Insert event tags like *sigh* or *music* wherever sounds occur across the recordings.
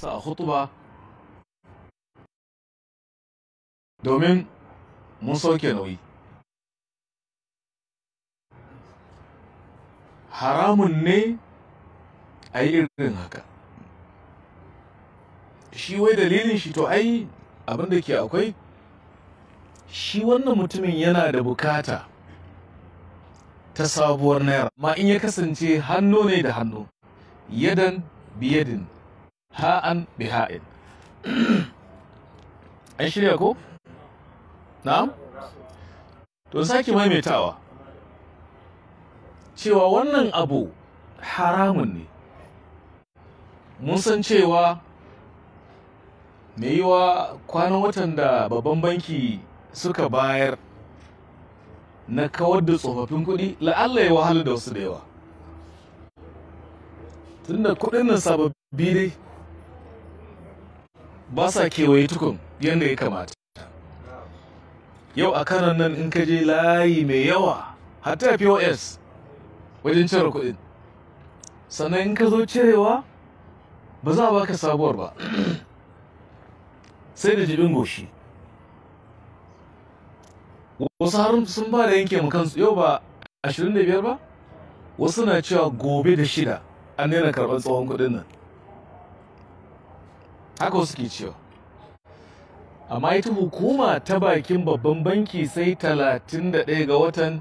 sa hutuba domin mun sauke nauyi haramun ne a yi irin haka shi wai dalilin shi to ai abin da ke akwai shi wannan mutumin yana da bukata ta sabuwar naira Amma in ya kasance hannu ne da hannu yadan biyadin ha'an biha'in. *clears throat* an shirya ko na'am to sake maimaitawa cewa wannan abu haramun ne mun san cewa mai yiwa kwanan watan da babban banki suka bayar na kawar da tsofaffin kuɗi la'alla ya wahala da wasu da yawa tunda kuɗin nan sababbi dai ba sa kewaye tukun yadda ya kamata yau a kanan nan in ka je layi mai yawa hatta pos wajen cire kuɗin sannan in ka zo cirewa ba za a baka sabuwar ba sai da jibin goshi wasu harin sun ba da yanke kansu yau ba 25 ba wasu na cewa gobe da shida an daina karɓar tsohon kuɗin nan haka suke cewa amma ita hukuma ta bakin babban banki sai 31 ga watan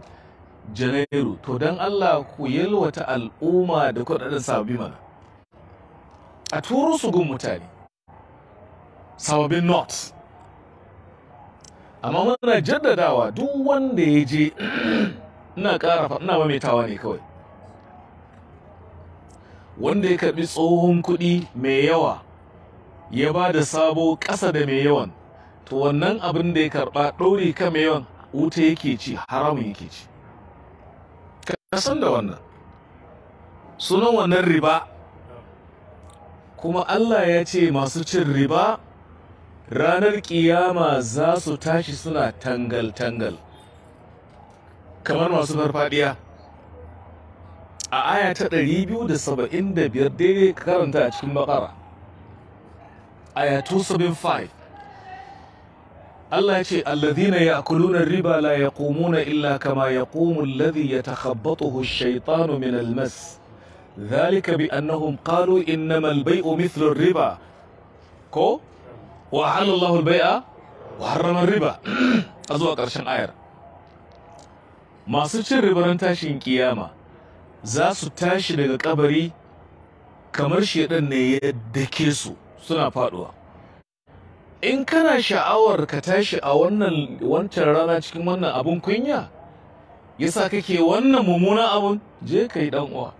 janairu to don allah ku yalwata al'umma da kudaden sababi mana a turu su gun mutane sababbin not amma muna jaddadawa duk wanda ya je *clears throat* ina ƙara ina maimaitawa ne kawai wanda ya karbi tsohon kuɗi mai yawa ya ba da sabo ƙasa da mai yawan to wannan abin da ya karɓa ɗori ka mai yawan wuta yake ci haramun yake ci kasan da wannan sunan wannan riba kuma Allah ya ce masu cin riba ranar ƙiyama za su tashi suna tangal-tangal kamar masu farfadiya a aya ta 275 daidai karanta a cikin bakara aya 275 Allah ya ce alladhina ya'kuluna riba la yaqumuna illa kama yaqumu alladhi ya ash-shaytanu min al-mas dhalika bi annahum qalu innama al-bay'u mithlu ar-riba ko wa halala Allahu al-bay'a wa harrama ar-riba azuwa *clears throat* karshen ayar masu cin ribaran tashin kiyama za su tashi daga kabari kamar shedan ne ya dake su suna faduwa in kana sha'awar ka tashi a wannan wancan rana cikin wannan abun kunya yasa kake wannan mummunan abun je ka yi uwa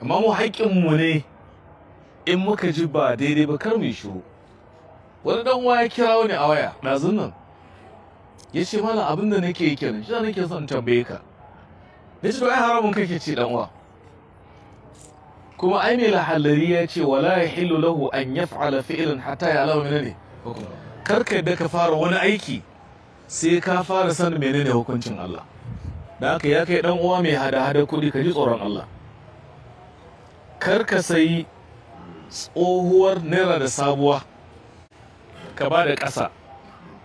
amma mu haƙƙinmu ne in muka ji ba daidai ba kar mu shiru wani dan uwa ya kira wani a waya na zunan ya ce mana abin da nake yi kenan shi nake son tambaye ka na ce to ai haramun kake ce dan uwa kuma ai mai lahallari ya ce wala ya hillu lahu an ya fa'ala fi'lan hatta ya alama menene kar ka yadda ka fara wani aiki sai ka fara sanin menene hukuncin Allah da haka ya kai dan uwa mai hada-hada kuɗi ka ji tsoron Allah kar ka sayi tsohuwar naira da sabuwa ka ba da ƙasa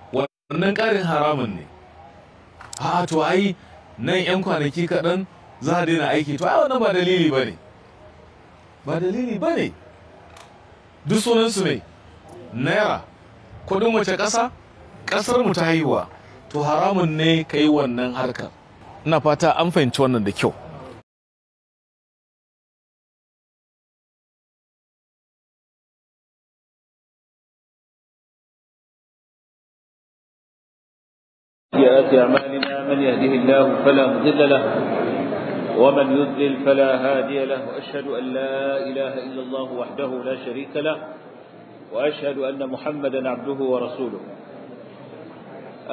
wannan ƙarin haramun ne ha to ai nan 'yan kwanaki kaɗan za a daina aiki to ai wannan ba dalili ba ne ba dalili ba ne duk sunansu ne naira kudin wace ƙasa ƙasar mu ta haihuwa to haramun ne ka yi wannan harkar ina fata an fahimci wannan da kyau سيئات أعمالنا من يهده الله فلا مضل له ومن يذلل فلا هادي له وأشهد أن لا إله إلا الله وحده لا شريك له وأشهد أن محمدا عبده ورسوله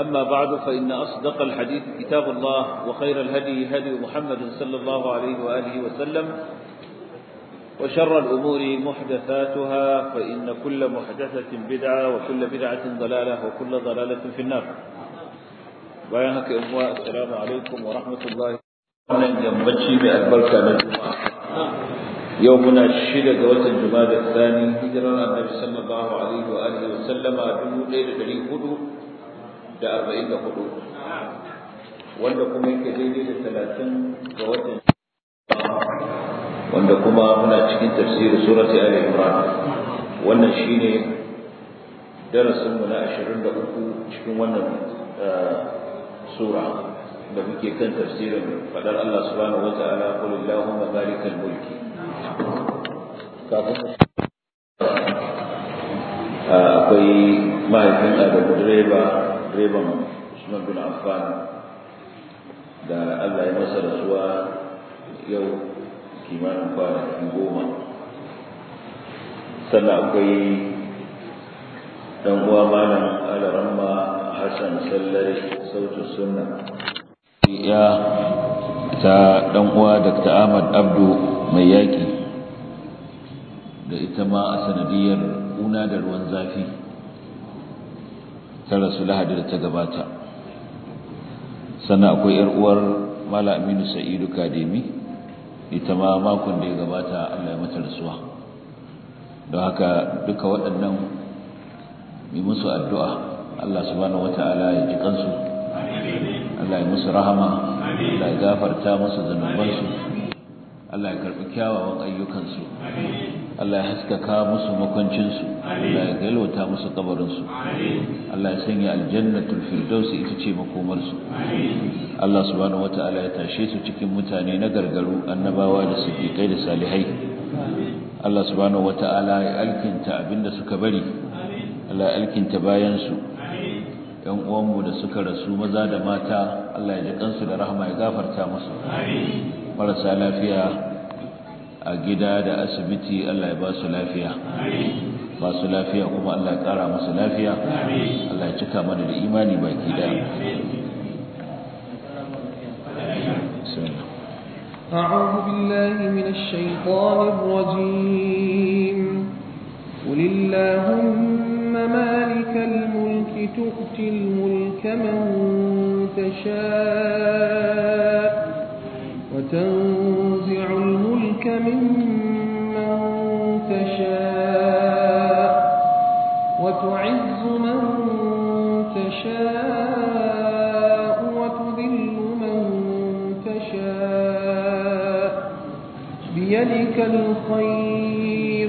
أما بعد فإن أصدق الحديث كتاب الله وخير الهدي هدي محمد صلى الله عليه وآله وسلم وشر الأمور محدثاتها فإن كل محدثة بدعة وكل بدعة ضلالة وكل ضلالة في النار بيانك أمواء السلام عليكم ورحمة الله wannan yammaci mai albarka na yau muna shida ga watan juma'a da tsani hijirar annabi sallallahu alaihi wa alihi wa sallama dubu ɗaya da ɗari hudu da arba'in da hudu wanda kuma yake daidai da talatin ga watan wanda kuma muna cikin tafsirin surati ali imran wannan shine darasinmu na ashirin da uku cikin wannan eh, sura da muke kan tafsirin fadar Allah subhanahu wa ta'ala qul allahumma balikal mulki ah, akwai mahaifin Adamu direba direban Usman bin Affan da Allah ya masa rasuwa yau kimanin kwanaki goma sannan akwai dan uwa malam alaramma hassan Sallar sautin sunna ya ta dan uwa Dr. Ahmad Abdu mai yaki da ita ma a sanadiyar una da ruwan zafi ta rasu lahadi da ta gabata sannan akwai yar uwar Mala Aminu Sa'idu Kademi ita ma makon da ya gabata Allah ya mata rasuwa don haka duka waɗannan yi musu addu'a Allah subhanahu ala ya ji kansu Allah ya musu rahama Allah ya gafarta musu zanubansu Allah ya karɓi kyawawan ayyukansu Allah ya haskaka musu makwancinsu Allah ya galwata musu kabarinsu Allah ya sanya aljannatul firdausi ita ce makomarsu Allah subhanahu wataala ya tashe su cikin mutane na gargaru annabawa da siddiqai da salihai Allah subhanahu wataala ya alkinta abinda suka bari Allah ya alkinta bayansu yan uwanmu da suka rasu maza da mata Allah ya ji kansu da rahama ya gafarta musu marasa lafiya a gida da asibiti Allah ya ba su lafiya ba su lafiya kuma Allah ya kara musu lafiya Allah ya cika mana da imani ba gida أعوذ بالله من الشيطان الرجيم قل اللهم مالك الملك تؤتي الملك من تشاء وتنزع الملك ممن تشاء وتعز من تشاء وتذل من تشاء بيدك الخير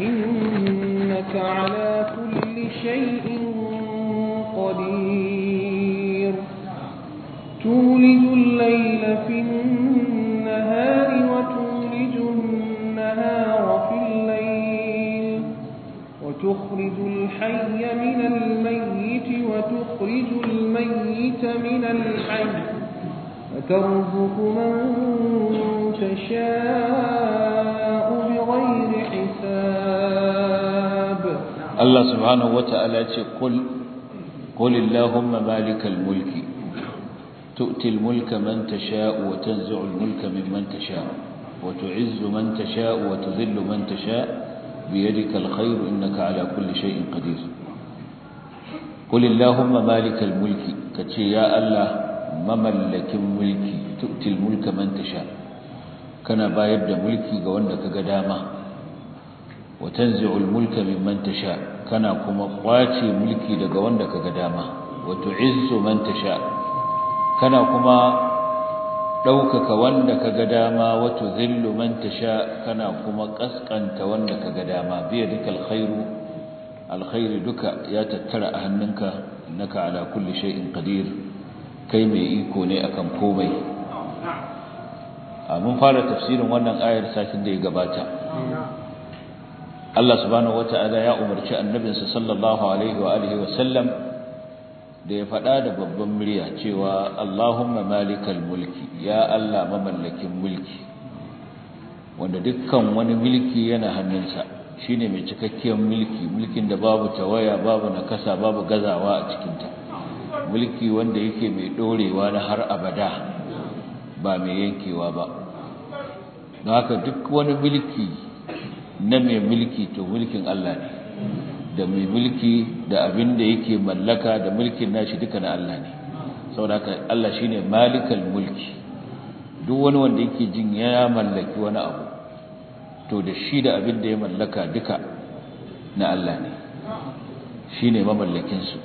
إنك على كل شيء وتخرج الحي من الميت وتخرج الميت من الحي وترزق من تشاء بغير حساب الله سبحانه وتعالى قل قل اللهم مالك الملك تؤتي الملك من تشاء وتنزع الملك ممن تشاء وتعز من تشاء وتذل من تشاء بيدك الخير إنك على كل شيء قدير قل اللهم مالك الملك كتشي يا الله مملك الملك تؤتي الملك من تشاء كان بايب دا ملكي قواندك قداما وتنزع الملك ممن تشاء كان كما قواتي ملكي دا قواندك قداما وتعز من تشاء كان كما ɗaukaka wanda ka ga dama wato zillu man tasha kana kuma kaskanta wanda ka ga dama biya duka alkhairu alkhairu duka ya tattara a hannunka innaka ala kulli shay'in qadir kai mai iko ne akan komai mun fara tafsirin wannan ayar satin da ya gabata Allah subhanahu wataala ya umarci annabinsa sallallahu alaihi wa alihi wa sallam da ya faɗa da babban murya cewa Allahumma malikal mulki ya Allah mamallakin mulki wanda dukkan wani mulki yana hannunsa shine mai cikakkiyar mulki mulkin da babu tawaya babu nakasa babu gazawa a cikinta mulki wanda yake mai ɗorewa na har abada ba mai yankewa ba don haka duk wani mulki na mai mulki to mulkin Allah ne da mai mulki da abin da yake mallaka da mulkin nashi duka na Allah ne saboda Allah shine malikal mulki duk wani wanda yake jin ya mallaki wani abu to da shi da abin da ya mallaka duka na Allah ne shine mamallakin su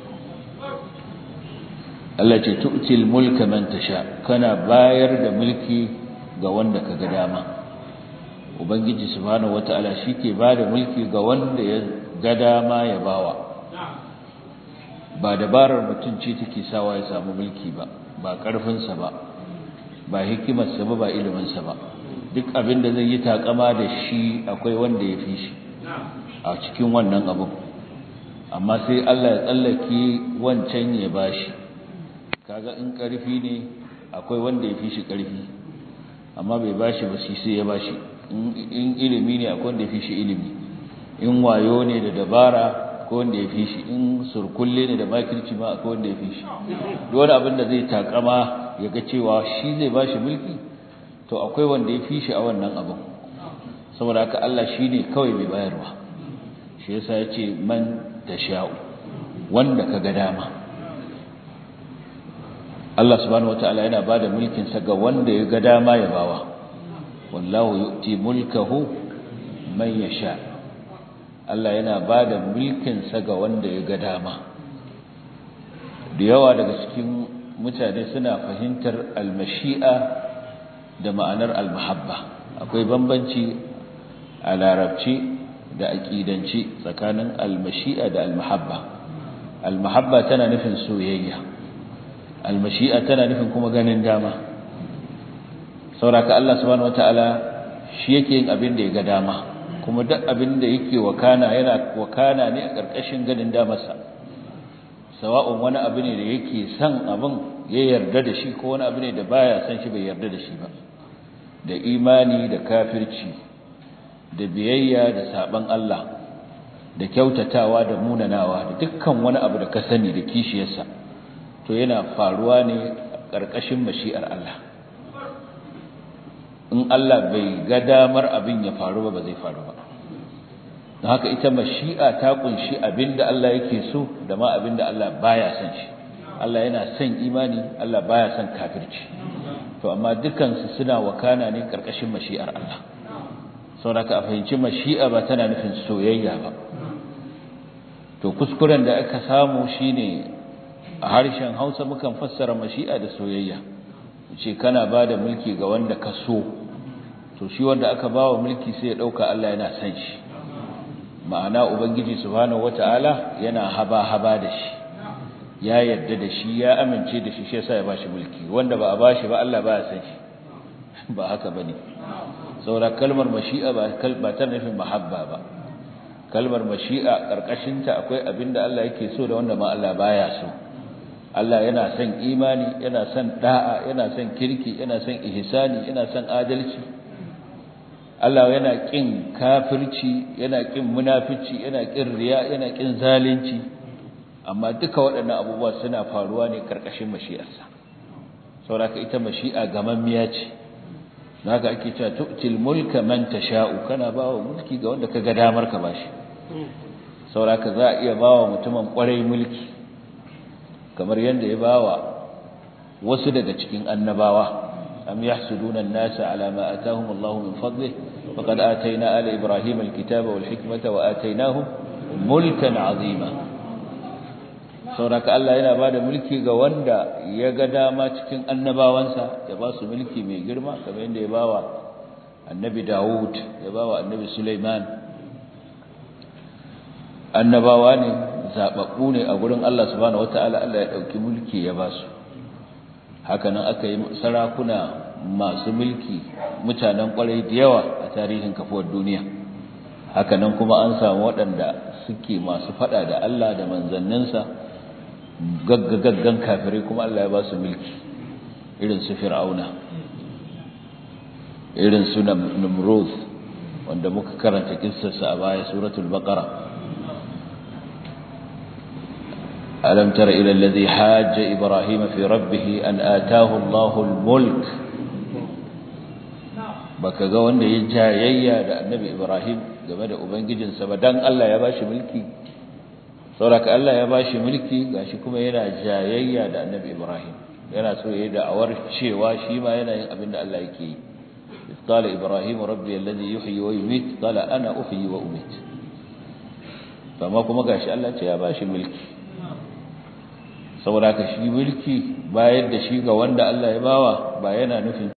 Allah ce tu'til mulka man tasha kana bayar da mulki ga wanda kaga dama ubangiji subhanahu wataala shike bada mulki ga wanda ya ga dama ya bawa ba dabarar mutum take sawa ya samu mulki ba ba ƙarfinsa ba ba hikimarsa ba ba iliminsa ba duk abin da zai yi takama da shi akwai wanda ya fi shi a cikin wannan abu, amma sai Allah ya tsallake wancan ya bashi kaga in ƙarfi ne akwai wanda ya fi shi ƙarfi amma bai bashi ba shi sai ya bashi in ilimi ne akwai wanda ya fi shi ilimi in wayo ne da dabara ko wanda ya fi shi in surkulle ne da makirci ma ko wanda ya fi shi wani abin da zai takama ya ga cewa shi zai ba shi mulki to akwai wanda ya fi shi a wannan abin saboda haka Allah shi ne kawai mai bayarwa shi yasa ya ce man da sha'u wanda ka ga dama Allah subhanahu wataala yana ba da sa ga wanda ya ga dama ya bawa wallahu yu'ti mulkahu man yasha' Allah yana ba da mulkinsa ga wanda ya ga dama da yawa daga cikin mutane suna fahimtar almashi'a da ma'anar almahabba akwai bambanci a larabci da aƙidanci tsakanin almashi'a da almahabba almahabba tana nufin soyayya almashi'a tana nufin kuma ganin dama sauraka Allah subhanahu wataala shi yake yin abin da ya ga dama kuma duk abin da yake wakana yana wakana ne a ƙarƙashin ganin damarsa sawa'un wani abu ne da yake son abin ya yarda da shi ko wani abu ne da baya son shi bai yarda da shi ba da imani da kafirci da biyayya da saban Allah da kyautatawa da munanawa da dukkan wani abu da ka sani da kishiyarsa to yana faruwa ne ƙarƙashin mashi'ar Allah in Allah bai ga damar abin ya faru ba ba zai faru ba don haka ita mashi'a ta kunshi abinda Allah yake so da ma abinda Allah baya son shi Allah yana son imani Allah baya son kafirci to amma dukansu suna wakana ne karkashin mashi'ar Allah saboda a fahimci mashi'a ba tana nufin soyayya ba to kuskuren da aka samu shine a harshen Hausa mukan fassara mashi'a da soyayya ce kana da mulki ga wanda ka so to shi wanda aka bawa mulki sai ya dauka Allah yana san shi ma'ana ubangiji subhanahu wataala yana haba haba da shi ya yadda da shi ya amince da shi shi yasa ya bashi mulki wanda ba a bashi ba Allah ba ya san shi *laughs* ba haka bane saura kalmar mashi'a ba kalba ta nufin mahabba ba kalmar mashi'a karkashin ta akwai abinda Allah yake so da wanda ma Allah baya so Allah yana son imani yana son da'a yana son kirki yana son ihsani yana son adalci Allah yana ƙin kafirci yana ƙin munafici yana ƙin riya yana ƙin zalunci amma duka waɗannan abubuwa suna faruwa ne ƙarƙashin mashi'arsa sauraka ita mashi'a gamammiya ce haka ake cewa tu'til mulka man tasha'u kana bawa mulki ga wanda kaga damar ka bashi sauraka za a iya bawa mutumin ƙwarai mulki kamar yadda ya bawa wasu daga cikin annabawa أم يحسدون الناس على ما أتاهم الله من فضله فقد آتينا آل إبراهيم الكتاب والحكمة وآتيناهم ملكا عظيما sauraka Allah yana bada mulki ga wanda ya ga dama cikin annabawansa ya ba su mulki mai girma kamar yadda ya bawa annabi Dawud ya bawa annabi Sulaiman annabawa ne zababbu ne a gurin Allah subhanahu wataala Allah ya dauki mulki ya ba su hakanan aka yi sarakuna masu mulki mutanen kwarai da yawa a tarihin kafuwar duniya hakanan kuma an samu waɗanda suke masu faɗa da Allah da manzanninsa gaggagaggan kafirai kuma Allah ya ba su mulki irin su fir'auna irin su namrud wanda muka karanta kissarsa a baya suratul baqara ألم تر إلى الذي حاج إبراهيم في ربه أن آتاه الله الملك baka ga wanda ya jayayya da annabi Ibrahim game da ubangijinsa ba dan Allah ya bashi mulki sauraka Allah ya bashi mulki gashi kuma yana jayayya da annabi Ibrahim yana so yayi da'awar cewa shi ma yana yin abin da Allah yake yi qala ibrahim rabbi alladhi yuhyi wa ana wa kuma gashi Allah ya bashi mulki saboda ka shi mulki bayar da shi ga wanda Allah ya bawa ba yana nufin